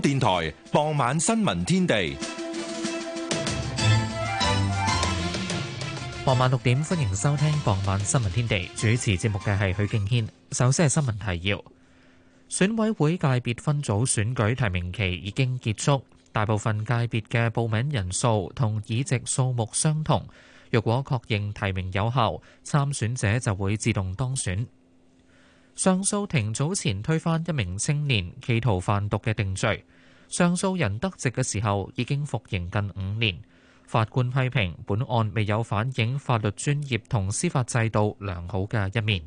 電台傍晚新聞天地，傍晚六點，歡迎收聽傍晚新聞天地。主持節目嘅係許敬軒。首先係新聞提要，選委會界別分組選舉提名期已經結束，大部分界別嘅報名人數同議席數目相同。若果確認提名有效，參選者就會自動當選。上訴庭早前推翻一名青年企圖販毒嘅定罪。上訴人得直嘅時候已經服刑近五年。法官批評本案未有反映法律專業同司法制度良好嘅一面。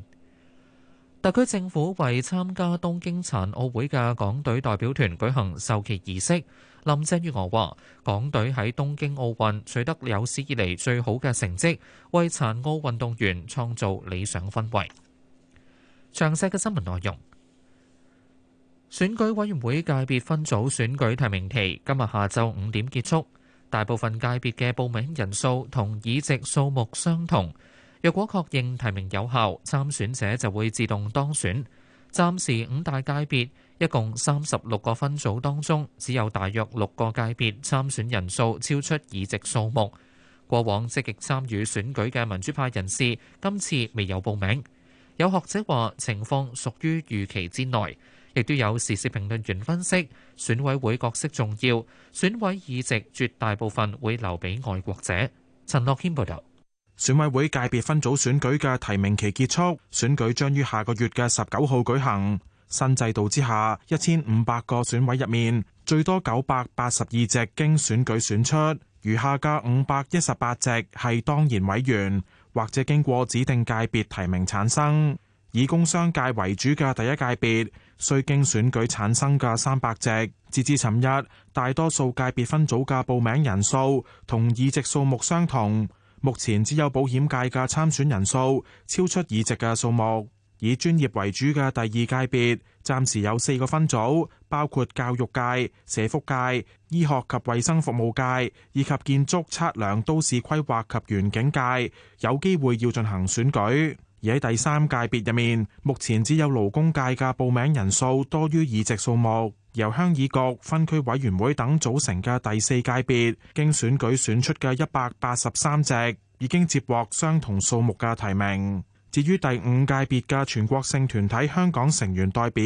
特區政府為參加東京殘奧會嘅港隊代表團舉行授旗儀式。林鄭月娥話港隊喺東京奧運取得有史以嚟最好嘅成績，為殘奧運動員創造理想氛圍。詳細嘅新聞內容，選舉委員會界別分組選舉提名期今日下晝五點結束，大部分界別嘅報名人數同議席數目相同。若果確認提名有效，參選者就會自動當選。暫時五大界別一共三十六個分組當中，只有大約六個界別參選人數超出議席數目。過往積極參與選舉嘅民主派人士，今次未有報名。有學者話情況屬於預期之內，亦都有時事評論員分析選委會角色重要，選委議席絕大部分會留俾外國者。陳諾謙報導，選委會界別分組選舉嘅提名期結束，選舉將於下個月嘅十九號舉行。新制度之下，一千五百個選委入面最多九百八十二席經選舉選出，餘下嘅五百一十八席係當然委員。或者經過指定界別提名產生，以工商界為主嘅第一界別，需經選舉產生嘅三百席，截至尋日，大多數界別分組嘅報名人數同議席數目相同，目前只有保險界嘅參選人數超出議席嘅數目。以專業為主嘅第二界別，暫時有四個分組，包括教育界、社福界、醫學及衛生服務界以及建築測量、都市規劃及園景界，有機會要進行選舉。而喺第三界別入面，目前只有勞工界嘅報名人數多於議席數目，由鄉議局、分區委員會等組成嘅第四界別，經選舉選出嘅一百八十三席，已經接獲相同數目嘅提名。至於第五界別嘅全國性團體香港成員代表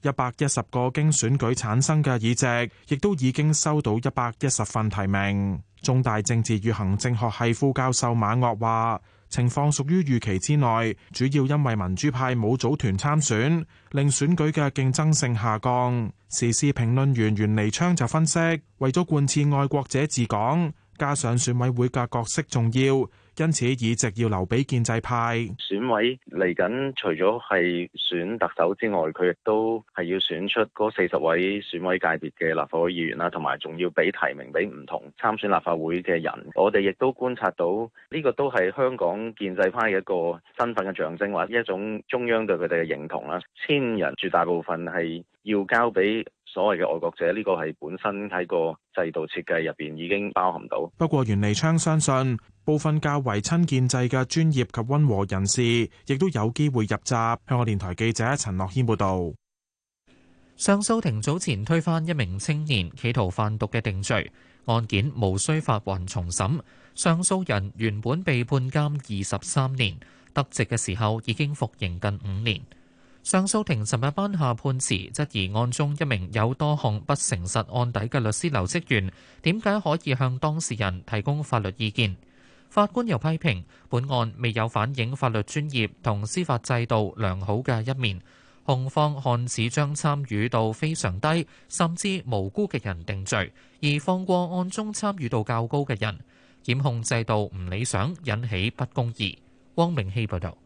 一百一十個經選舉產生嘅議席，亦都已經收到一百一十份提名。中大政治與行政學系副教授馬岳話：情況屬於預期之內，主要因為民主派冇組團參選，令選舉嘅競爭性下降。時事評論員袁彌昌就分析：為咗貫徹愛國者治港，加上選委會嘅角色重要。因此，議席要留俾建制派。選委嚟緊，除咗係選特首之外，佢亦都係要選出嗰四十位選委界別嘅立法會議員啦，同埋仲要俾提名俾唔同參選立法會嘅人。我哋亦都觀察到，呢、這個都係香港建制派嘅一個身份嘅象徵，或者一種中央對佢哋嘅認同啦。千人絕大部分係要交俾，所謂嘅愛國者，呢、這個係本身喺個制度設計入邊已經包含到。不過，袁利昌相信部分較為親建制嘅專業及溫和人士，亦都有機會入閘。香港電台記者陳樂軒報導。上訴庭早前推翻一名青年企圖販毒嘅定罪案件，無需發還重審。上訴人原本被判監二十三年，得直嘅時候已經服刑近五年。上訴庭尋日頒下判詞，質疑案中一名有多項不誠實案底嘅律師樓職員，點解可以向當事人提供法律意見？法官又批評本案未有反映法律專業同司法制度良好嘅一面，控方看似將參與度非常低甚至無辜嘅人定罪，而放過案中參與度較高嘅人，檢控制度唔理想，引起不公義。汪明希報導。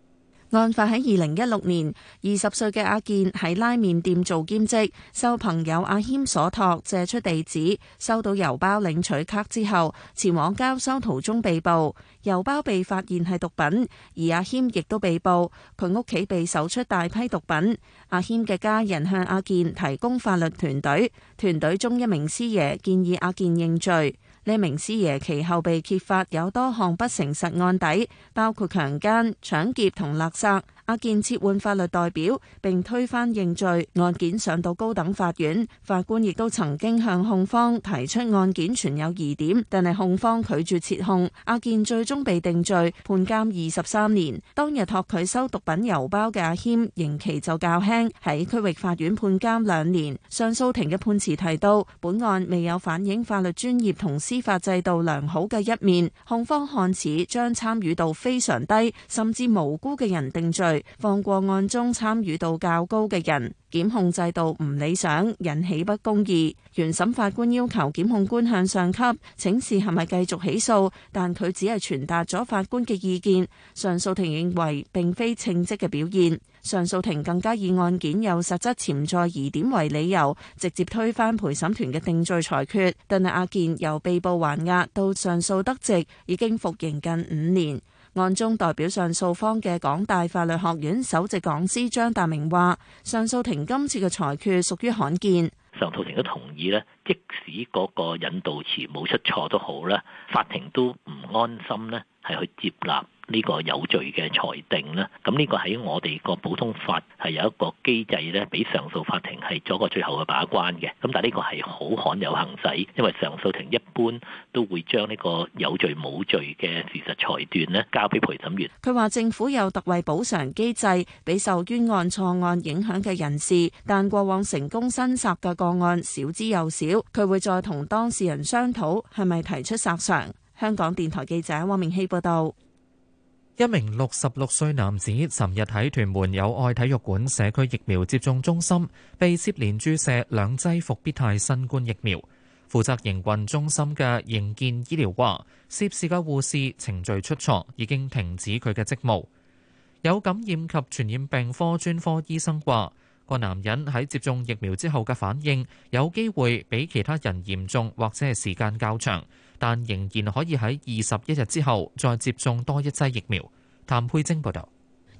案發喺二零一六年，二十歲嘅阿健喺拉麵店做兼職，受朋友阿謙所託借出地址，收到郵包領取卡之後，前往交收途中被捕。郵包被發現係毒品，而阿謙亦都被捕，佢屋企被搜出大批毒品。阿謙嘅家人向阿健提供法律團隊，團隊中一名師爺建議阿健認罪。呢名師爺其後被揭發有多項不誠實案底，包括強姦、搶劫同勒索。阿健撤換法律代表並推翻認罪，案件上到高等法院，法官亦都曾經向控方提出案件存有疑點，但係控方拒絕撤控。阿健最終被定罪，判監二十三年。當日託佢收毒品郵包嘅阿謙，刑期就較輕，喺區域法院判監兩年。上訴庭嘅判詞提到，本案未有反映法律專業同司法制度良好嘅一面，控方看似將參與度非常低，甚至無辜嘅人定罪。放過案中參與度較高嘅人，檢控制度唔理想，引起不公義。原審法官要求檢控官向上級請示係咪繼續起訴，但佢只係傳達咗法官嘅意見。上訴庭認為並非稱職嘅表現。上訴庭更加以案件有實質潛在疑點為理由，直接推翻陪審團嘅定罪裁決。但係阿健由被捕還押到上訴得直，已經服刑近五年。案中代表上訴方嘅港大法律學院首席講師張達明話，上訴庭今次嘅裁決屬於罕見，上訴庭都同意咧，即使嗰個引導詞冇出錯都好啦，法庭都唔安心咧，係去接納。呢個有罪嘅裁定咧，咁、這、呢個喺我哋個普通法係有一個機制咧，俾上訴法庭係做個最後嘅把關嘅。咁但係呢個係好罕有行使，因為上訴庭一般都會將呢個有罪冇罪嘅事實裁斷咧，交俾陪審員。佢話政府有特惠補償機制俾受冤案錯案影響嘅人士，但過往成功申索嘅個案少之又少。佢會再同當事人商討係咪提出索償。香港電台記者汪明希報道。一名六十六歲男子尋日喺屯門友愛體育館社區疫苗接種中心被接連注射兩劑復必泰新冠疫苗。負責營運中心嘅盈健醫療話：涉事嘅護士程序出錯，已經停止佢嘅職務。有感染及傳染病科專科醫生話：個男人喺接種疫苗之後嘅反應，有機會比其他人嚴重或者係時間較長。但仍然可以喺二十一日之後再接種多一劑疫苗。譚佩晶報道。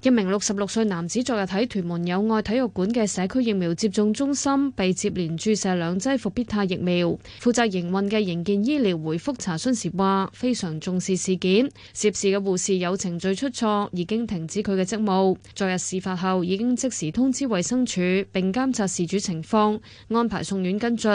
一名六十六歲男子昨日喺屯門友愛體育館嘅社區疫苗接種中心被接連注射兩劑復必泰疫苗。負責營運嘅營建醫療回覆查詢時話，非常重視事件，涉事嘅護士有程序出錯，已經停止佢嘅職務。昨日事發後，已經即時通知衛生署，並監察事主情況，安排送院跟進。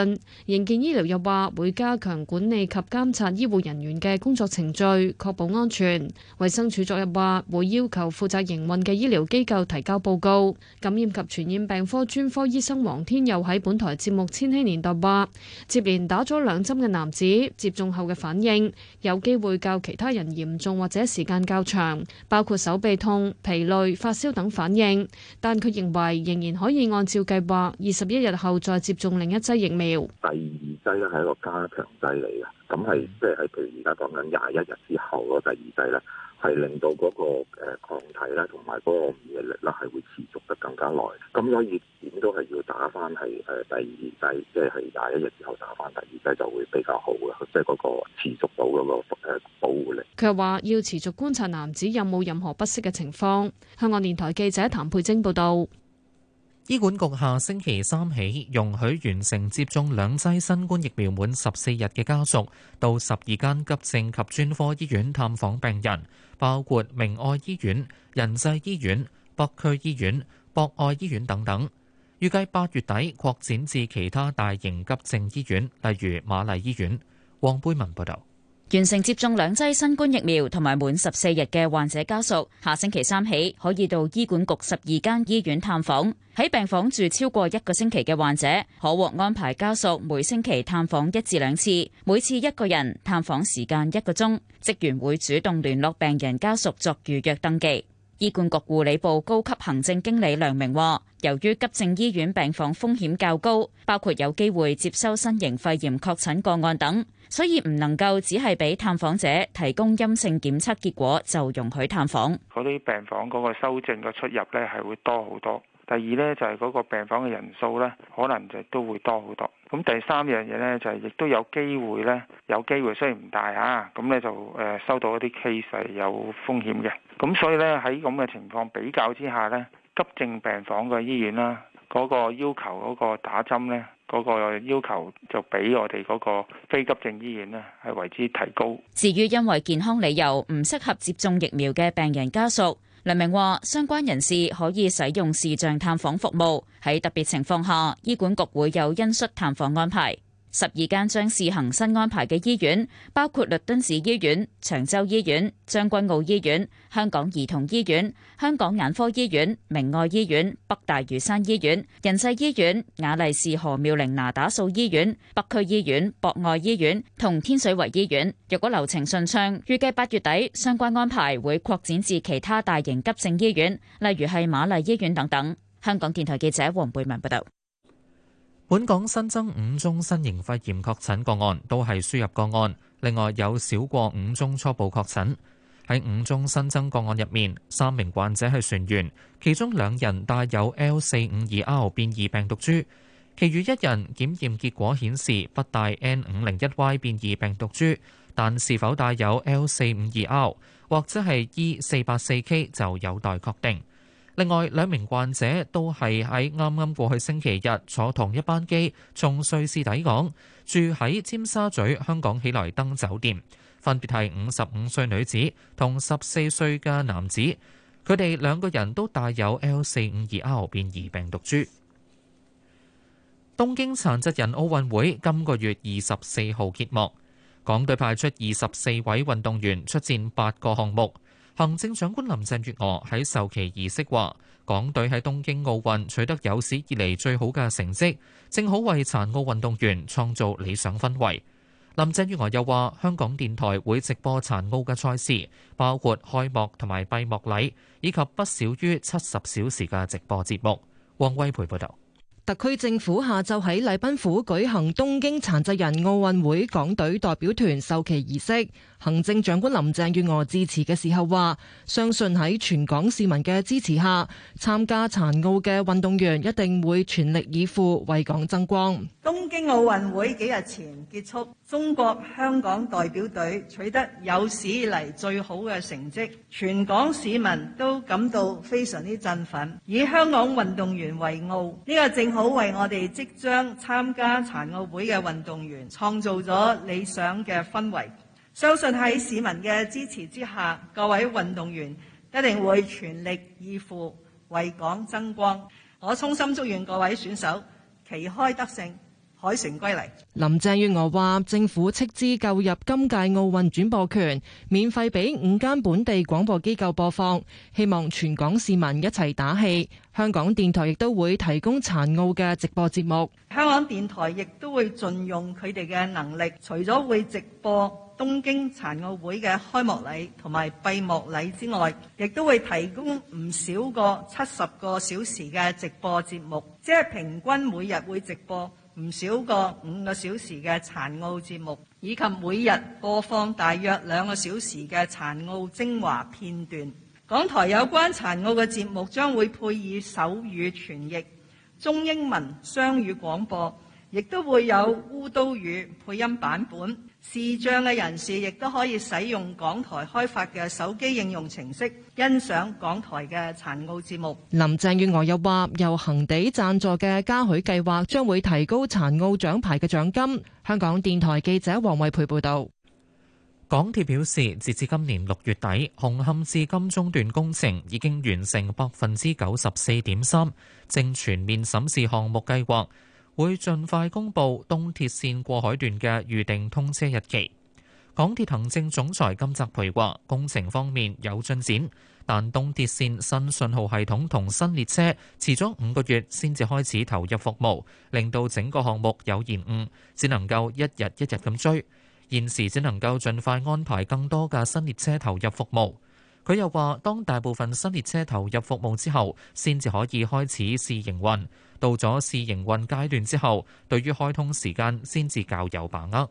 營建醫療又話會加強管理及監察醫護人員嘅工作程序，確保安全。衛生署昨日話會要求負責營運。嘅醫療機構提交報告。感染及傳染病科專科醫生黃天佑喺本台節目《千禧年代》話，接連打咗兩針嘅男子接種後嘅反應有機會較其他人嚴重或者時間較長，包括手臂痛、疲累、發燒等反應，但佢認為仍然可以按照計劃二十一日後再接種另一劑疫苗。第二劑咧係一個加強劑嚟嘅，咁係即係譬如而家講緊廿一日之後嗰第二劑咧。係令到嗰個誒抗體啦，同埋嗰個免疫力啦，係會持續得更加耐。咁所以點都係要打翻係誒第二劑，即係係廿一日之後打翻第二劑就會比較好嘅，即係嗰個持續到嗰個誒保護力。佢話要持續觀察男子有冇任何不適嘅情況。香港電台記者譚佩晶報道。醫管局下星期三起容許完成接種兩劑新冠疫苗滿十四日嘅家屬，到十二間急症及專科醫院探訪病人，包括明愛醫院、仁濟醫院、北區醫院、博愛醫院等等。預計八月底擴展至其他大型急症醫院，例如瑪麗醫院。黃貝文報道。完成接種兩劑新冠疫苗同埋滿十四日嘅患者家屬，下星期三起可以到醫管局十二間醫院探訪。喺病房住超過一個星期嘅患者，可獲安排家屬每星期探訪一至兩次，每次一個人，探訪時間一個鐘。職員會主動聯絡病人家屬作預約登記。醫管局護理部高級行政經理梁明話，由於急症醫院病房風險較高，包括有機會接收新型肺炎確診個案等。所以唔能夠只係俾探訪者提供陰性檢測結果就容許探訪。嗰啲病房嗰個修正嘅出入咧係會多好多。第二咧就係嗰個病房嘅人數咧可能就都會多好多。咁第三樣嘢咧就係、是、亦都有機會咧有機會雖然唔大吓，咁咧就誒收到一啲 case 係有風險嘅。咁所以咧喺咁嘅情況比較之下咧，急症病房嘅醫院啦嗰個要求嗰個打針咧。嗰個要求就俾我哋嗰個非急症醫院咧，係為之提高。至於因為健康理由唔適合接種疫苗嘅病人家屬，梁明話相關人士可以使用視像探訪服務。喺特別情況下，醫管局會有恩恤探訪安排。十二間將試行新安排嘅醫院，包括律敦治醫院、長洲醫院、將軍澳醫院、香港兒童醫院、香港眼科醫院、明愛醫院、北大嶼山醫院、仁濟醫院、雅麗氏何妙齡那打素醫院、北區醫院、博愛醫院同天水圍醫院。若果流程順暢，預計八月底相關安排會擴展至其他大型急症醫院，例如係瑪麗醫院等等。香港電台記者黃貝文報道。本港新增五宗新型肺炎確診個案，都係輸入個案。另外有少過五宗初步確診。喺五宗新增個案入面，三名患者係船員，其中兩人帶有 L 四五二 R 變異病毒株，其餘一人檢驗結果顯示不帶 N 五零一 Y 變異病毒株，但是否帶有 L 四五二 R 或者係 E 四八四 K 就有待確定。另外兩名患者都係喺啱啱過去星期日坐同一班機從瑞士抵港，住喺尖沙咀香港喜來登酒店，分別係五十五歲女子同十四歲嘅男子。佢哋兩個人都帶有 L 四五二 R 變異病毒株。東京殘疾人奧運會今個月二十四號揭幕，港隊派出二十四位運動員出戰八個項目。行政長官林鄭月娥喺授旗儀式話：港隊喺東京奧運取得有史以來最好嘅成績，正好為殘奧運動員創造理想氛圍。林鄭月娥又話：香港電台會直播殘奧嘅賽事，包括開幕同埋閉幕禮，以及不少於七十小時嘅直播節目。汪威培報導。特區政府下晝喺禮賓府舉行東京殘疾人奧運會港隊代表團授旗儀式，行政長官林鄭月娥致辭嘅時候話：相信喺全港市民嘅支持下，參加殘奧嘅運動員一定會全力以赴為港爭光。東京奧運會幾日前結束。中國香港代表隊取得有史以嚟最好嘅成績，全港市民都感到非常之振奮，以香港運動員為傲。呢個正好為我哋即將參加殘奧會嘅運動員創造咗理想嘅氛圍。相信喺市民嘅支持之下，各位運動員一定會全力以赴，為港爭光。我衷心祝願各位選手旗開得勝。海城歸嚟。林鄭月娥話：政府斥資購入今屆奧運轉播權，免費俾五間本地廣播機構播放，希望全港市民一齊打氣。香港電台亦都會提供殘奧嘅直播節目。香港電台亦都會盡用佢哋嘅能力，除咗會直播東京殘奧會嘅開幕禮同埋閉幕禮之外，亦都會提供唔少過七十個小時嘅直播節目，即係平均每日會直播。唔少過五個小時嘅殘奧節目，以及每日播放大約兩個小時嘅殘奧精華片段。港台有關殘奧嘅節目將會配以手語傳譯、中英文雙語廣播。亦都會有烏都語配音版本，視障嘅人士亦都可以使用港台開發嘅手機應用程式欣賞港台嘅殘奧節目。林鄭月娥又話：由恒地贊助嘅嘉許計劃將會提高殘奧獎牌嘅獎金。香港電台記者黃慧培報道，港鐵表示，截至今年六月底，紅磡至金鐘段工程已經完成百分之九十四點三，正全面審視項目計劃。會盡快公布東鐵線過海段嘅預定通車日期。港鐵行政總裁金澤培話：工程方面有進展，但東鐵線新信號系統同新列車遲咗五個月先至開始投入服務，令到整個項目有延誤，只能夠一日一日咁追。現時只能夠盡快安排更多嘅新列車投入服務。佢又話：當大部分新列車投入服務之後，先至可以開始試營運。到咗試營運階段之後，對於開通時間先至較有把握。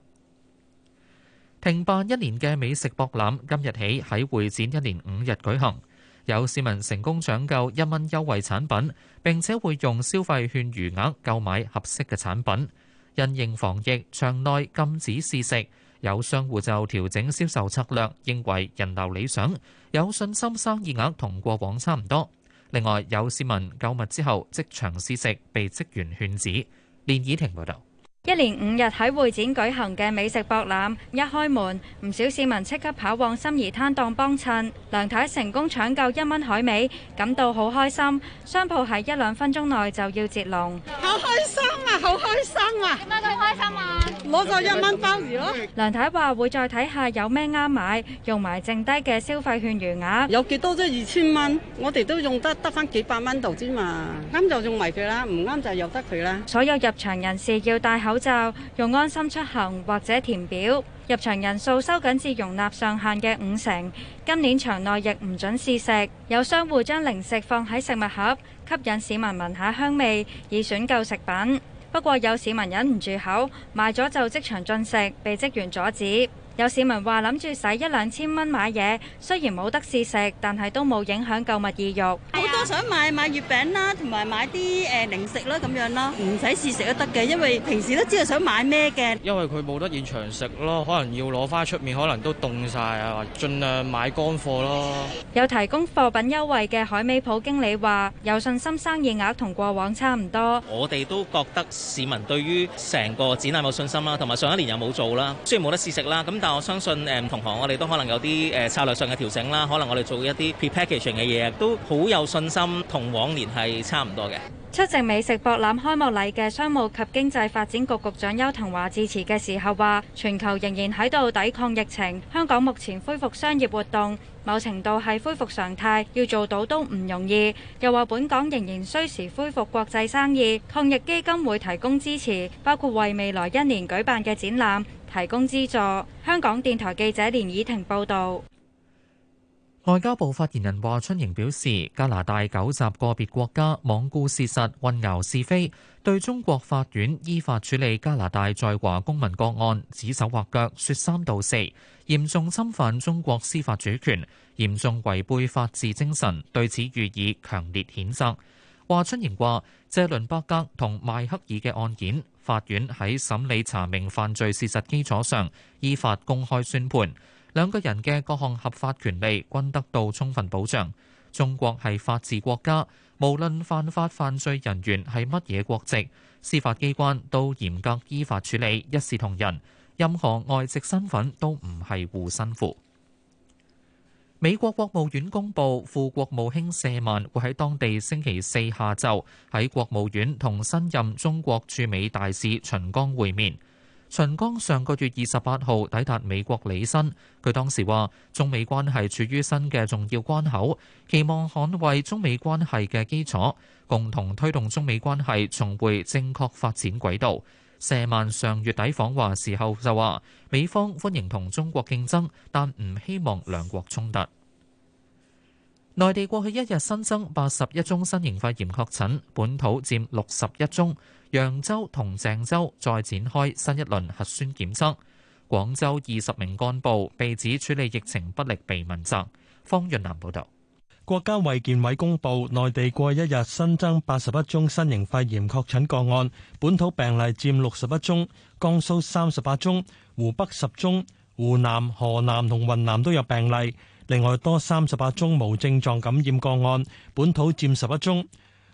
停辦一年嘅美食博覽今日起喺會展一年五日舉行，有市民成功搶購一蚊優惠產品，並且會用消費券餘額購買合適嘅產品。因應防疫，場內禁止試食，有商戶就調整銷售策略，認為人流理想，有信心生意額同過往差唔多。另外，有市民購物之後即場試食，被職員勸止。連怡婷報導。一連五日喺會展舉行嘅美食博覽一開門，唔少市民即刻跑往心儀攤檔幫襯。梁太成功搶購一蚊海味，感到好開心。商鋪喺一兩分鐘內就要截龍。好開心啊！好開心啊！點解咁開心啊？攞個一蚊鮑魚咯。梁太話會再睇下有咩啱買，用埋剩低嘅消費券餘額。有幾多？即係二千蚊，我哋都用得得翻幾百蚊度之嘛。啱就用埋佢啦，唔啱就由得佢啦。所有入場人士要戴口口罩，用安心出行或者填表入場，人數收緊至容納上限嘅五成，今年場內亦唔准試食。有商戶將零食放喺食物盒，吸引市民聞下香味以選購食品。不過有市民忍唔住口，買咗就即場進食，被職員阻止。有市民話：諗住使一兩千蚊買嘢，雖然冇得試食，但係都冇影響購物意欲。好多想買買月餅啦，同埋買啲誒零食啦咁樣咯，唔使試食都得嘅，因為平時都知道想買咩嘅。因為佢冇得現場食咯，可能要攞返出面，可能都凍晒啊！盡量買乾貨咯。有提供貨品優惠嘅海味鋪經理話：有信心生意額同過往差唔多。我哋都覺得市民對於成個展覽有信心啦，同埋上一年又冇做啦，雖然冇得試食啦，咁。但我相信，誒，同行，我哋都可能有啲誒策略上嘅調整啦。可能我哋做一啲 prepackaging 嘅嘢，都好有信心，同往年係差唔多嘅。出席美食博覽開幕禮嘅商務及經濟發展局局長邱騰華致辭嘅時候話，全球仍然喺度抵抗疫情，香港目前恢復商業活動，某程度係恢復常態，要做到都唔容易。又話本港仍然需時恢復國際生意，抗疫基金會提供支持，包括為未來一年舉辦嘅展覽提供資助。香港電台記者連以婷報導。外交部發言人華春瑩表示，加拿大糾集個別國家罔顧事實，混淆是非，對中國法院依法處理加拿大在華公民個案指手畫腳，說三道四，嚴重侵犯中國司法主權，嚴重違背法治精神，對此予以強烈譴責。華春瑩話：謝倫伯格同邁克爾嘅案件。法院喺審理查明犯罪事實基礎上，依法公開宣判，兩個人嘅各項合法權利均得到充分保障。中國係法治國家，無論犯法犯罪人員係乜嘢國籍，司法機關都嚴格依法處理，一視同仁。任何外籍身份都唔係護身符。美國國務院公佈，副國務卿謝曼會喺當地星期四下晝喺國務院同新任中國駐美大使秦剛會面。秦剛上個月二十八號抵達美國履新，佢當時話：中美關係處於新嘅重要關口，期望捍衞中美關係嘅基礎，共同推動中美關係重回正確發展軌道。舍曼上月底訪華時候就話，美方歡迎同中國競爭，但唔希望兩國衝突。內地過去一日新增八十一宗新型肺炎確診，本土佔六十一宗。揚州同鄭州再展開新一輪核酸檢測。廣州二十名幹部被指處理疫情不力被問責。方潤南報道。國家衛健委公布，內地過一日新增八十一宗新型肺炎確診個案，本土病例占六十一宗，江蘇三十八宗，湖北十宗，湖南、河南同雲南都有病例，另外多三十八宗無症狀感染個案，本土占十一宗。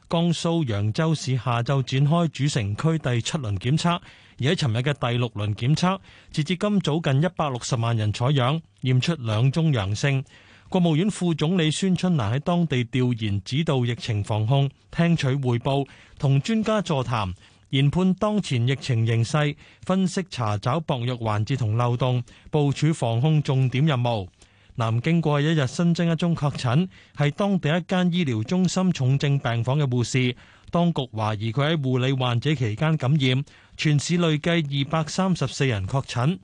江蘇揚州市下晝展開主城區第七輪檢測，而喺尋日嘅第六輪檢測，截至今早近一百六十萬人採樣，驗出兩宗陽性。國務院副總理孫春蘭喺當地調研指導疫情防控，聽取匯報，同專家座談，研判當前疫情形勢，分析查找薄弱環節同漏洞，部署防控重點任務。南京過去一日新增一宗確診，係當地一間醫療中心重症病房嘅護士，當局懷疑佢喺護理患者期間感染。全市累計二百三十四人確診。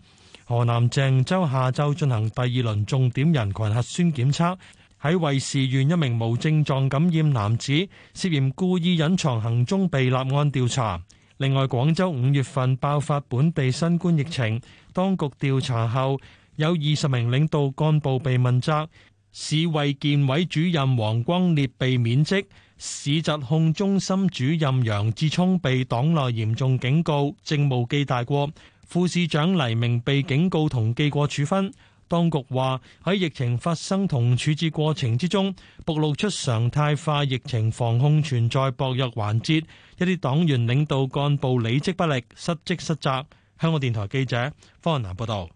河南鄭州下晝進行第二輪重點人群核酸檢測，喺衛士縣一名無症狀感染男子涉嫌故意隱藏行蹤被立案調查。另外，廣州五月份爆發本地新冠疫情，當局調查後有二十名領導幹部被問責，市衛健委主任黃光烈被免職，市疾控中心主任楊智聰被黨內嚴重警告，政務記大過。副市長黎明被警告同記過處分，當局話喺疫情發生同處置過程之中，暴露出常態化疫情防控存在薄弱環節，一啲黨員領導幹部履職不力、失職失責。香港電台記者方南報道。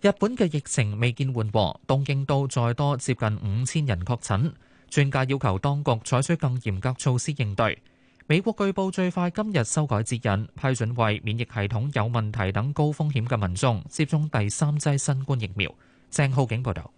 日本嘅疫情未見緩和，東京都再多接近五千人確診，專家要求當局採取更嚴格措施應對。美國據報最快今日修改指引，批准為免疫系統有問題等高風險嘅民眾接種第三劑新冠疫苗。鄭浩景報道。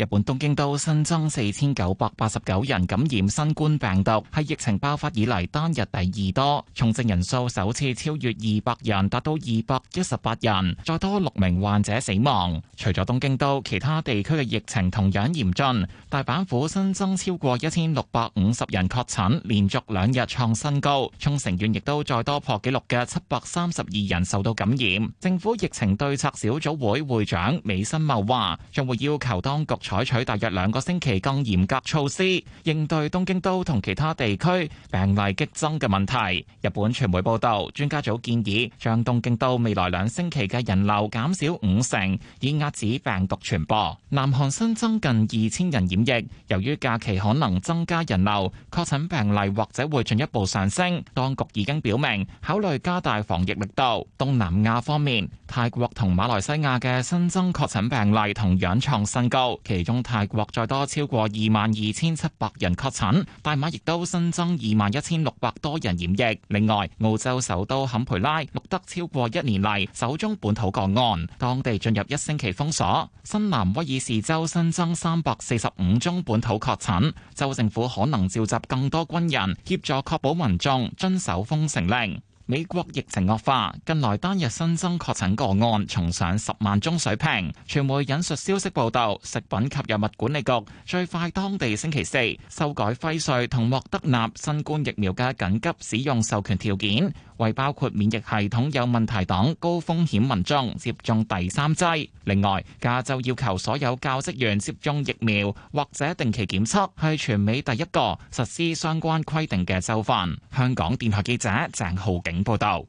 日本東京都新增四千九百八十九人感染新冠病毒，係疫情爆發以嚟單日第二多，重症人數首次超越二百人，達到二百一十八人，再多六名患者死亡。除咗東京都，其他地區嘅疫情同樣嚴峻。大阪府新增超過一千六百五十人確診，連續兩日創新高。沖繩縣亦都再多破紀錄嘅七百三十二人受到感染。政府疫情對策小組會會長美新茂話：將會要求當局，採取大約兩個星期更嚴格措施，應對東京都同其他地區病例激增嘅問題。日本傳媒報道，專家組建議將東京都未來兩星期嘅人流減少五成，以遏止病毒傳播。南韓新增近二千人染疫，由於假期可能增加人流，確診病例或者會進一步上升。當局已經表明考慮加大防疫力度。東南亞方面，泰國同馬來西亞嘅新增確診病例同樣創新高。其其中泰國再多超過二萬二千七百人確診，大馬亦都新增二萬一千六百多人染疫。另外，澳洲首都坎培拉錄得超過一年嚟首宗本土個案，當地進入一星期封鎖。新南威爾士州新增三百四十五宗本土確診，州政府可能召集更多軍人協助確保民眾遵守封城令。美國疫情惡化，近來單日新增確診個案重上十萬宗水平。傳媒引述消息報導，食品及藥物管理局最快當地星期四修改輝瑞同莫德納新冠疫苗嘅緊急使用授權條件，為包括免疫系統有問題等高風險民眾接種第三劑。另外，加州要求所有教職員接種疫苗或者定期檢測，係全美第一個實施相關規定嘅州份。香港電台記者鄭浩景。報道：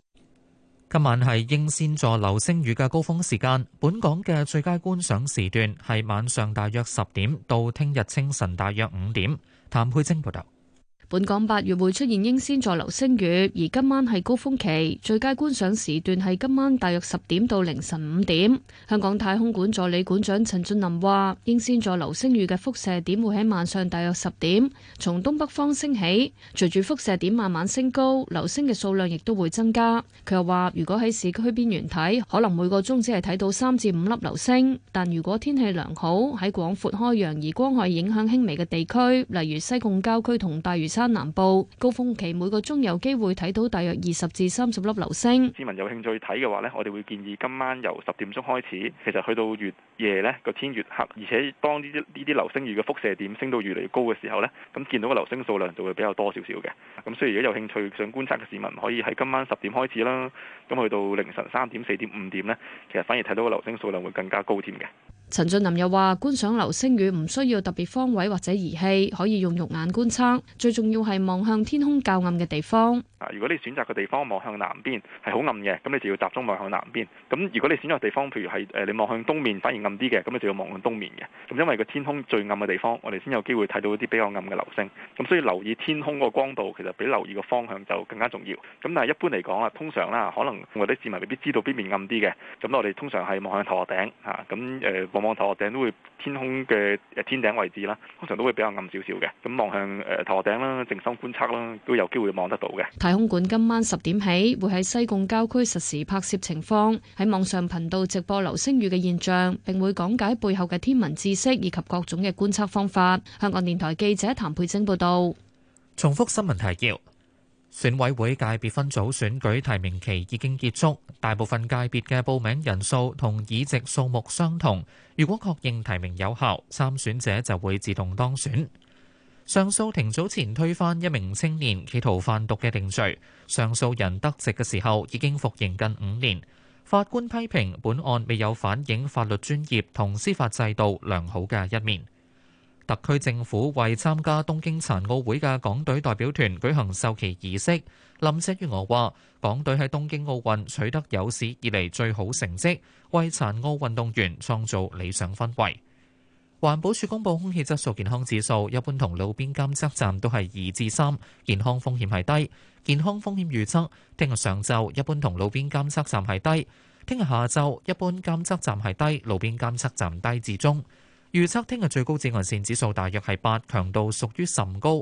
今晚係英仙座流星雨嘅高峰時間，本港嘅最佳觀賞時段係晚上大約十點到聽日清晨大約五點。譚佩晶報道。本港八月會出現英仙座流星雨，而今晚係高峰期，最佳觀賞時段係今晚大約十點到凌晨五點。香港太空館助理館長陳俊林話：英仙座流星雨嘅輻射點會喺晚上大約十點，從東北方升起，隨住輻射點慢慢升高，流星嘅數量亦都會增加。佢又話：如果喺市區邊緣睇，可能每個鐘只係睇到三至五粒流星，但如果天氣良好，喺廣闊開揚而光害影響輕微嘅地區，例如西貢郊區同大嶼山。南部高峰期每個鐘有機會睇到大約二十至三十粒流星。市民有興趣睇嘅話呢，我哋會建議今晚由十點鐘開始，其實去到越夜呢個天越黑，而且當呢啲呢啲流星雨嘅輻射點升到越嚟越高嘅時候呢，咁見到嘅流星數量就會比較多少少嘅。咁所以如果有興趣想觀察嘅市民，可以喺今晚十點開始啦，咁去到凌晨三點、四點、五點呢，其實反而睇到嘅流星數量會更加高添嘅。陳俊林又話：觀賞流星雨唔需要特別方位或者儀器，可以用肉眼觀測。最重要係望向天空較暗嘅地方。如果你選擇嘅地方望向南邊，係好暗嘅，咁你就要集中望向南邊。咁如果你選擇嘅地方，譬如係誒你望向東面反而暗啲嘅，咁你就要望向東面嘅。咁因為個天空最暗嘅地方，我哋先有機會睇到一啲比較暗嘅流星。咁所以留意天空個光度，其實比留意個方向就更加重要。咁但係一般嚟講啦，通常啦，可能我哋市民未必知道邊面暗啲嘅，咁我哋通常係望向頭頂吓，咁誒。呃望頭頂都會天空嘅天頂位置啦，通常都會比較暗少少嘅，咁望向誒頭頂啦、靜心觀測啦，都有機會望得到嘅。太空館今晚十點起會喺西貢郊區實時拍攝情況，喺網上頻道直播流星雨嘅現象，並會講解背後嘅天文知識以及各種嘅觀測方法。香港電台記者譚佩晶報道。重複新聞提要。選委會界別分組選舉提名期已經結束，大部分界別嘅報名人數同議席數目相同。如果確認提名有效，參選者就會自動當選。上訴庭早前推翻一名青年企圖販毒嘅定罪，上訴人得直嘅時候已經服刑近五年。法官批評本案未有反映法律專業同司法制度良好嘅一面。特區政府為參加東京殘奧會嘅港隊代表團舉行授旗儀式。林鄭月娥話：港隊喺東京奧運取得有史以嚟最好成績，為殘奧運動員創造理想氛圍。環保署公佈空氣質素健康指數，一般同路邊監測站都係二至三，健康風險係低。健康風險預測：聽日上晝一般同路邊監測站係低，聽日下晝一般監測站係低，路邊監測站低至中。預測聽日最高紫外線指數大約係八，強度屬於甚高。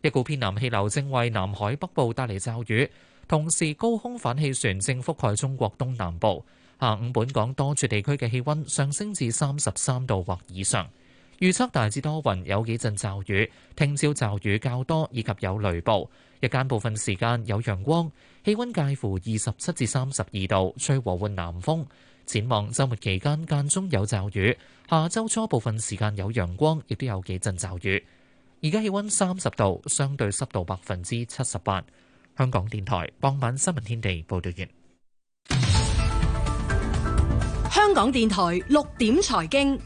一股偏南氣流正為南海北部帶嚟驟雨，同時高空反氣旋正覆蓋中國東南部。下午本港多處地區嘅氣温上升至三十三度或以上。預測大致多雲，有幾陣驟雨，聽朝驟雨較多，以及有雷暴。日間部分時間有陽光，氣温介乎二十七至三十二度，吹和緩南風。展望周末期間間中有驟雨，下周初部分時間有陽光，亦都有幾陣驟雨。而家氣温三十度，相對濕度百分之七十八。香港電台傍晚新聞天地報道員。香港電台六點財經，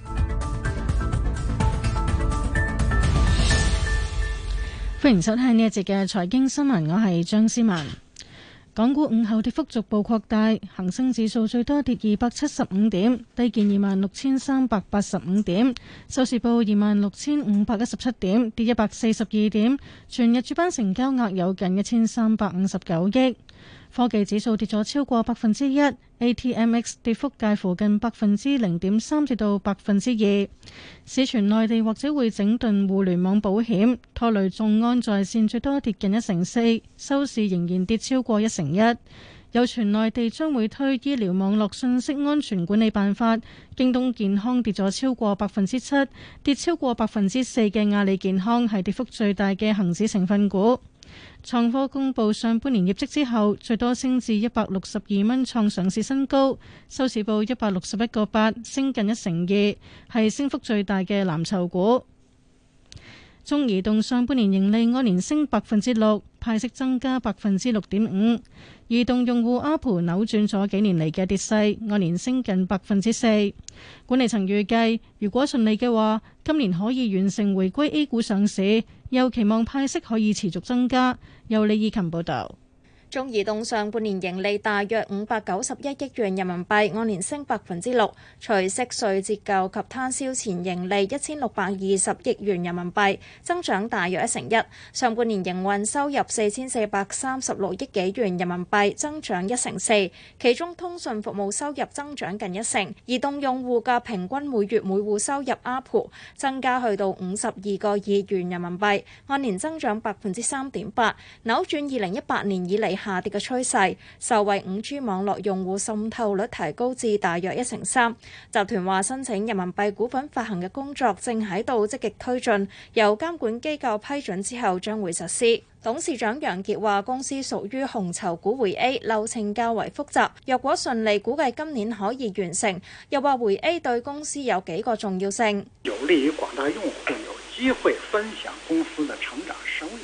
歡迎收聽呢一節嘅財經新聞，我係張思文。港股午後跌幅逐步擴大，恒生指數最多跌二百七十五點，低見二萬六千三百八十五點，收市報二萬六千五百一十七點，跌一百四十二點。全日主板成交額有近一千三百五十九億。科技指數跌咗超過百分之一，ATMX 跌幅介乎近百分之零點三至到百分之二。市傳內地或者會整頓互聯網保險，拖累眾安在線最多跌近一成四，收市仍然跌超過一成一。有傳內地將會推醫療網絡信息安全管理辦法，京東健康跌咗超過百分之七，跌超過百分之四嘅阿里健康係跌幅最大嘅恒指成分股。創科公布上半年業績之後，最多升至一百六十二蚊，創上市新高，收市報一百六十一個八，升近一成二，係升幅最大嘅藍籌股。中移動上半年盈利按年升百分之六，派息增加百分之六點五。移動用戶 ARPU 扭轉咗幾年嚟嘅跌勢，按年升近百分之四。管理層預計，如果順利嘅話，今年可以完成回歸 A 股上市。又期望派息可以持續增加。由李以琴報道。中移動上半年盈利大約五百九十一億元人民幣，按年升百分之六，除息稅折舊及攤銷前盈利一千六百二十億元人民幣，增長大約一成一。上半年營運收入四千四百三十六億幾元人民幣，增長一成四，其中通信服務收入增長近一成。移動用戶嘅平均每月每戶收入阿蒲增加去到五十二個二元人民幣，按年增長百分之三點八，扭轉二零一八年以嚟下跌嘅趨勢，受惠五 G 網絡用戶滲透率提高至大約一成三。集團話申請人民幣股份發行嘅工作正喺度積極推進，由監管機構批准之後將會實施。董事長楊傑話：公司屬於紅籌股回 A 流程較為複雜，若果順利，估計今年可以完成。又話回 A 對公司有幾個重要性，有利於廣大用戶更有機會分享公司的成長收益。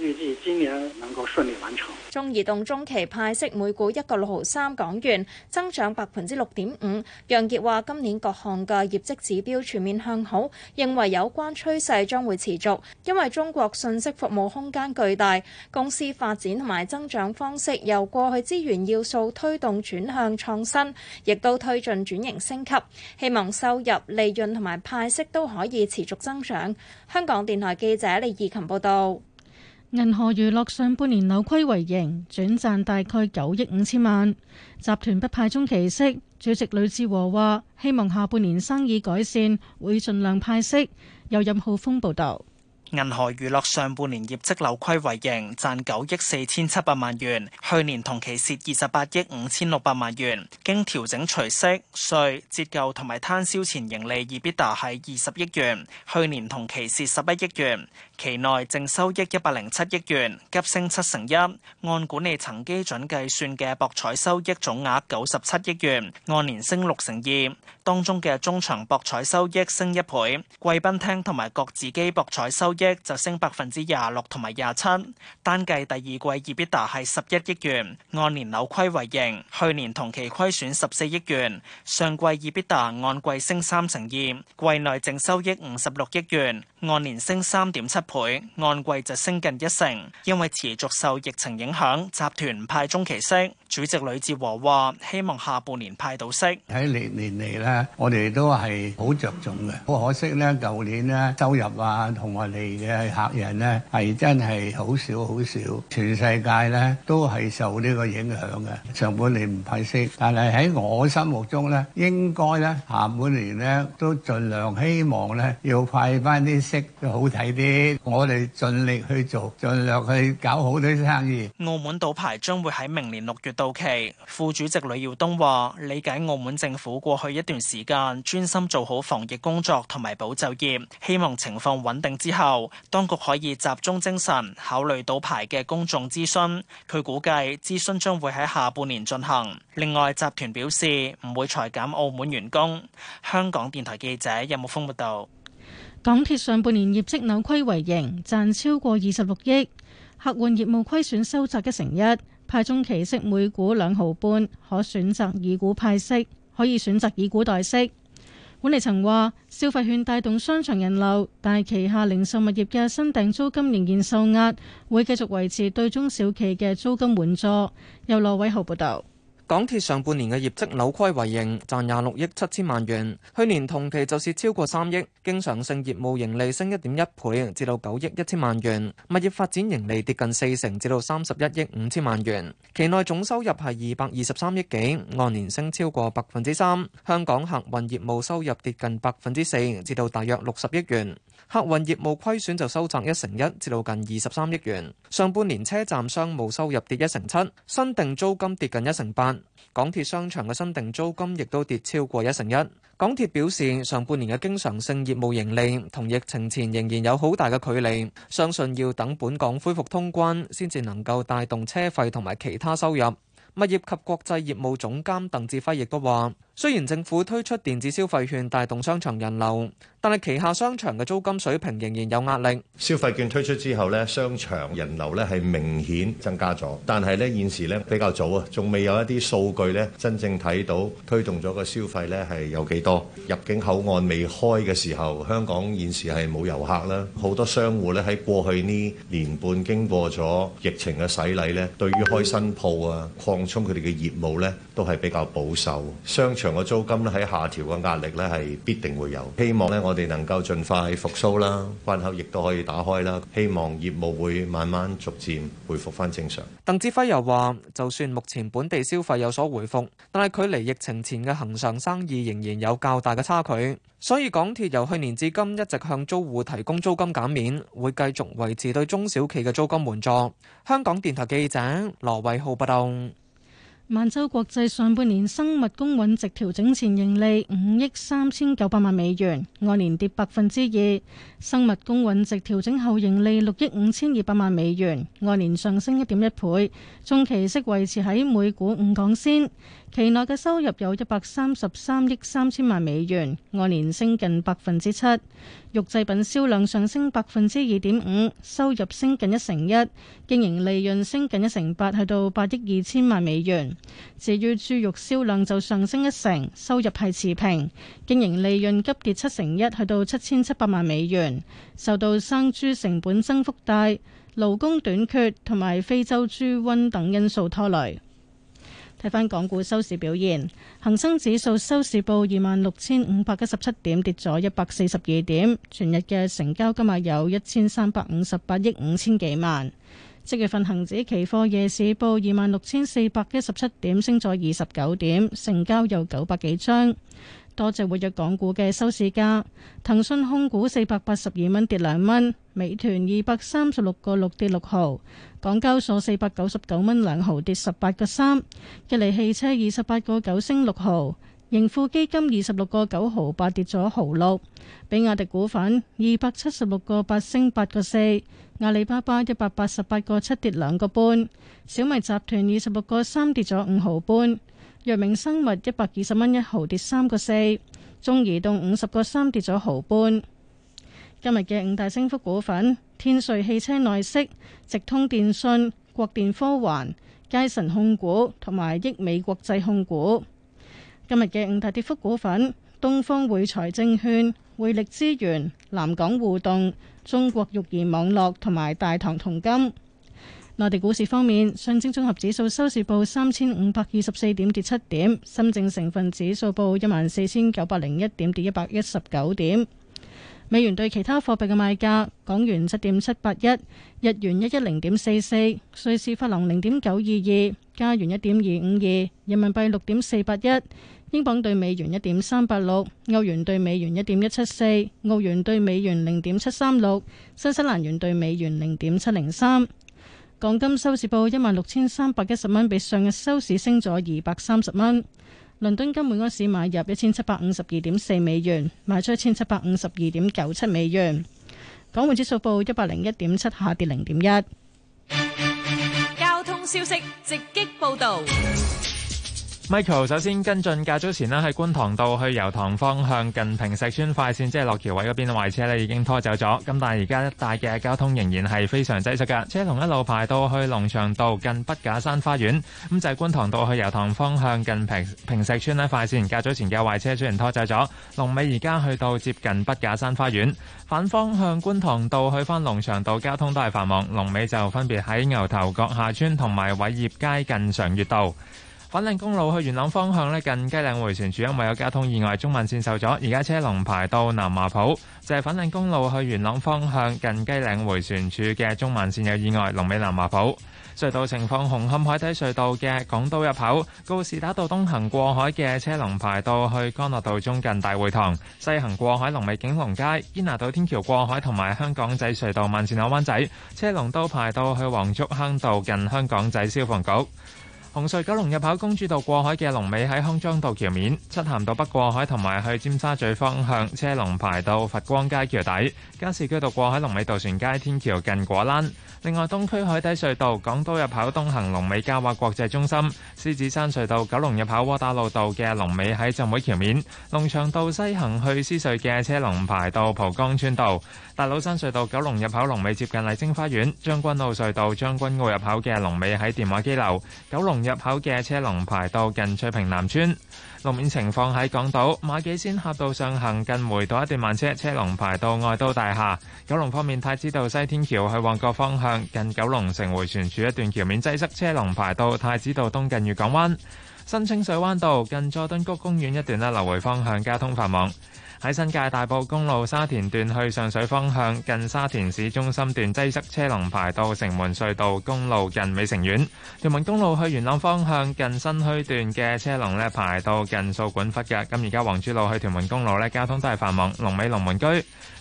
預計今年能夠順利完成。中移動中期派息每股一個六毫三港元，增長百分之六點五。楊傑話：今年各項嘅業績指標全面向好，認為有關趨勢將會持續，因為中國信息服務空間巨大，公司發展同埋增長方式由過去資源要素推動轉向創新，亦都推進轉型升級，希望收入、利潤同埋派息都可以持續增長。香港電台記者李義琴報道。銀河娛樂上半年扭虧為盈，轉賺大概九億五千萬。集團不派中期息，主席呂志和話：希望下半年生意改善，會盡量派息。由任浩峰報道。銀河娛樂上半年業績扭虧為盈，賺九億四千七百萬元，去年同期蝕二十八億五千六百萬元。經調整除息、稅折舊同埋攤銷前盈利 EBITDA 係二十億元，去年同期蝕十一億元。期內淨收益一百零七億元，急升七成一。按管理層基準計算嘅博彩收益總額九十七億元，按年升六成二。當中嘅中場博彩收益升一倍，貴賓廳同埋各自機博彩收益就升百分之廿六同埋廿七。單計第二季 EBITDA 係十一億元，按年扭虧為盈，去年同期虧損十四億元。上季 EBITDA 按季升三成二，季內淨收益五十六億元。按年升三點七倍，按季就升近一成。因為持續受疫情影響，集團唔派中期息。主席呂志和話：希望下半年派到息。喺年年嚟咧，我哋都係好著重嘅。好可惜咧，舊年咧收入啊同我哋嘅客人咧係真係好少好少。全世界咧都係受呢個影響嘅。上半年唔派息，但係喺我心目中咧，應該咧下半年咧都儘量希望咧要派翻啲。好睇啲，我哋盡力去做，盡量去搞好啲生意。澳門賭牌將會喺明年六月到期。副主席呂耀東話理解澳門政府過去一段時間專心做好防疫工作同埋保就業，希望情況穩定之後當局可以集中精神考慮賭牌嘅公眾諮詢，佢估計諮詢將會喺下半年進行。另外，集團表示唔會裁減澳門員工。香港電台記者任木峯報道。港鐵上半年業績扭虧為盈，賺超過二十六億。客運業務虧損收窄一成一，派中期息每股兩毫半，可選擇以股派息，可以選擇以股代息。管理層話，消費券帶動商場人流，但係旗下零售物業嘅新訂租，租金仍然受壓，會繼續維持對中小企嘅租金援助。由羅偉豪報道。港鐵上半年嘅業績扭虧為盈，賺廿六億七千萬元。去年同期就蝕超過三億，經常性業務盈利升一點一倍，至到九億一千萬元。物業發展盈利跌近四成，至到三十一億五千萬元。期內總收入係二百二十三億幾，按年升超過百分之三。香港客運業務收入跌近百分之四，至到大約六十億元。客運業務虧損就收窄一成一，至到近二十三億元。上半年車站商務收入跌一成七，新定租金跌近一成八。港鐵商場嘅新訂租金亦都跌超過一成一。港鐵表示，上半年嘅經常性業務盈利同疫情前仍然有好大嘅距離，相信要等本港恢復通關，先至能夠帶動車費同埋其他收入。物業及國際業務總監鄧志輝亦都話，雖然政府推出電子消費券帶動商場人流。但係旗下商場嘅租金水平仍然有壓力。消費券推出之後呢，商場人流呢係明顯增加咗。但係呢現時呢，比較早啊，仲未有一啲數據呢真正睇到推動咗個消費呢係有幾多。入境口岸未開嘅時候，香港現時係冇遊客啦。好多商戶呢喺過去呢年半經過咗疫情嘅洗禮呢，對於開新鋪啊、擴充佢哋嘅業務呢都係比較保守。商場嘅租金呢喺下調嘅壓力呢係必定會有。希望呢，我。我哋能夠盡快復甦啦，關口亦都可以打開啦。希望業務會慢慢逐漸回復翻正常。鄧志輝又話：就算目前本地消費有所回復，但係距離疫情前嘅恒常生意仍然有較大嘅差距，所以港鐵由去年至今一直向租戶提供租金減免，會繼續維持對中小企嘅租金援助。香港電台記者羅偉浩報道。萬洲國際上半年生物公允值調整前盈利五億三千九百萬美元，按年跌百分之二。生物公允值調整後盈利六億五千二百萬美元，按年上升一點一倍。中期息維持喺每股五港仙。期內嘅收入有一百三十三億三千萬美元，按年升近百分之七。肉製品銷量上升百分之二點五，收入升近一成一，經營利潤升近一成八，去到八億二千萬美元。至於豬肉銷量就上升一成，收入係持平，經營利潤急跌七成一，去到七千七百萬美元，受到生豬成本增幅大、勞工短缺同埋非洲豬瘟等因素拖累。睇翻港股收市表現，恒生指數收市報二萬六千五百一十七點，跌咗一百四十二點，全日嘅成交金額有一千三百五十八億五千幾萬，七月份恒指期貨夜市報二萬六千四百一十七點，升咗二十九點，成交有九百幾張。多隻活躍港股嘅收市價，騰訊控股四百八十二蚊跌兩蚊，美團二百三十六個六跌六毫，港交所四百九十九蚊兩毫跌十八個三，吉利汽車二十八個九升六毫，盈富基金二十六個九毫八跌咗一毫六，比亞迪股份二百七十六個八升八個四，阿里巴巴一百八十八個七跌兩個半，小米集團二十六個三跌咗五毫半。藥明生物一百二十蚊一毫跌三個四，中移動五十個三跌咗毫半。今日嘅五大升幅股份：天瑞汽車內飾、直通電訊、國電科環、佳神控股同埋益美國際控股。今日嘅五大跌幅股份：東方匯財證券、匯力資源、南港互動、中國育兒網絡同埋大唐同金。內地股市方面，上證綜合指數收市報三千五百二十四點，跌七點，深證成分指數報一萬四千九百零一點，跌一百一十九點。美元對其他貨幣嘅賣價：港元七點七八一，日元一一零點四四，瑞士法郎零點九二二，加元一點二五二，人民幣六點四八一，英鎊對美元一點三八六，歐元對美元一點一七四，澳元對美元零點七三六，新西蘭元對美元零點七零三。港金收市報一萬六千三百一十蚊，16，比上日收市升咗二百三十蚊。倫敦金每安士買入一千七百五十二點四美元，賣出一千七百五十二點九七美元。港匯指數報一百零一點七，7，下跌零點一。交通消息直擊報道。Michael 首先跟進，較早前呢喺觀塘道去油塘方向近平石村快線，即係落橋位嗰邊嘅壞車咧已經拖走咗。咁但係而家一帶嘅交通仍然係非常擠塞嘅，車龍一路排到去龍翔道近筆架山花園。咁就係、是、觀塘道去油塘方向近平平石村呢快線，較早前嘅壞車雖然拖走咗，龍尾而家去到接近筆架山花園。反方向觀塘道去翻龍翔道，交通都係繁忙，龍尾就分別喺牛頭角下村同埋偉業街近常悅道。粉嶺公路去元朗方向咧，近雞嶺回旋處因為有交通意外，中慢線受阻，而家車龍排到南華埔。就係粉嶺公路去元朗方向近雞嶺回旋處嘅中慢線有意外，龍尾南華埔隧道情況。紅磡海底隧道嘅港島入口，告士打道東行過海嘅車龍排到去干諾道中近大會堂；西行過海龍尾景隆街、堅拿道天橋過海同埋香港仔隧道慢線往灣仔，車龍都排到去黃竹坑道近香港仔消防局，局。紅隧九龍入口公主道過海嘅龍尾喺康莊道橋面，漆咸道北過海同埋去尖沙咀方向車龍排到佛光街橋底，加士居道過海龍尾渡船街天橋近果欄。另外，東區海底隧道港島入口東行龍尾嘉華國際中心；獅子山隧道九龍入口窩打老道嘅龍尾喺浸會橋面；龍翔道西行去獅隧嘅車龍排到蒲崗村道；大老山隧道九龍入口龍尾接近麗晶花園；將軍澳隧道將軍澳入口嘅龍尾喺電話機樓；九龍入口嘅車龍排到近翠屏南村。路面情況喺港島馬己仙峽道上行近梅道一段慢車，車龍排到愛都大廈；九龍方面太子道西天橋去旺角方向近九龍城迴旋處一段橋面擠塞，車龍排到太子道東近裕港灣；新清水灣道近佐敦谷公園一段來回方向交通繁忙。喺新界大埔公路沙田段去上水方向，近沙田市中心段擠塞，車龍排到城門隧道公路近美城苑。屯門公路去元朗方向，近新墟段嘅車龍咧排到近掃管笏嘅。咁而家皇珠路去屯門公路咧，交通都係繁忙，龍尾龍門居。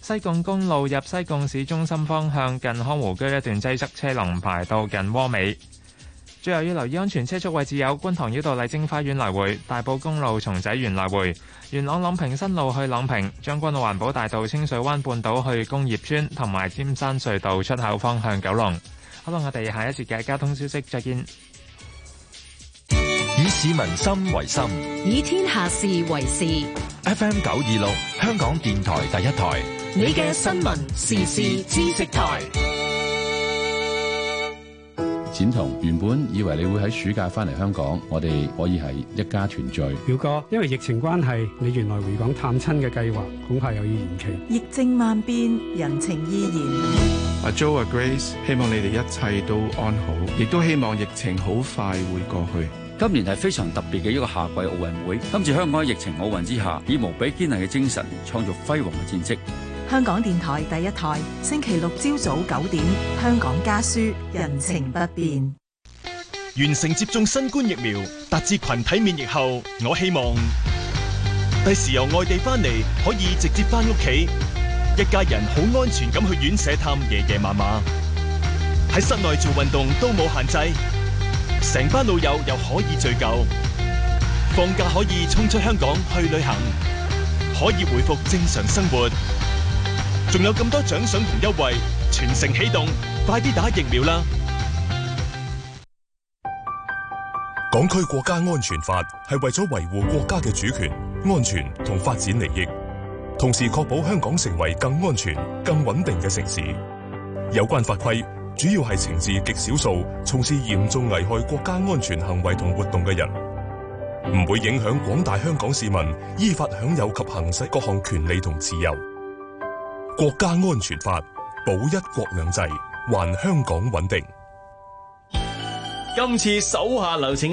西貢公路入西貢市中心方向，近匡湖居一段擠塞，車龍排到近窩美。最後要留意安全車速位置有：觀塘繞道麗晶花園來回、大埔公路松仔園來回、元朗朗平新路去朗平、將軍澳環保大道清水灣半島去工業村同埋尖山隧道出口方向九龍。好啦，我哋下一節嘅交通消息再見。以市民心為心，以天下事為事。FM 九二六香港電台第一台，你嘅新聞時事知識台。點同？原本以為你會喺暑假翻嚟香港，我哋可以係一家團聚。表哥，因為疫情關係，你原來回港探親嘅計劃恐怕又要延期。疫症萬變，人情依然。阿 Joe，阿 Grace，希望你哋一切都安好，亦都希望疫情好快會過去。今年係非常特別嘅一個夏季奧運會。今次香港喺疫情奧運之下，以無比堅毅嘅精神，創造輝煌嘅戰績。香港電台第一台，星期六朝早九點，香港家書，人情不變。完成接種新冠疫苗，達至群體免疫後，我希望第時由外地翻嚟可以直接翻屋企，一家人好安全咁去院舍探爺爺嫲嫲，喺室內做運動都冇限制，成班老友又可以聚舊，放假可以沖出香港去旅行，可以回復正常生活。仲有咁多獎賞同優惠，全城啟動，快啲打疫苗啦！港區國家安全法係為咗維護國家嘅主權、安全同發展利益，同時確保香港成為更安全、更穩定嘅城市。有關法規主要係懲治極少數從事嚴重危害國家安全行為同活動嘅人，唔會影響廣大香港市民依法享有及行使各項權利同自由。國家安全法保一國兩制，還香港穩定。今次手下留情。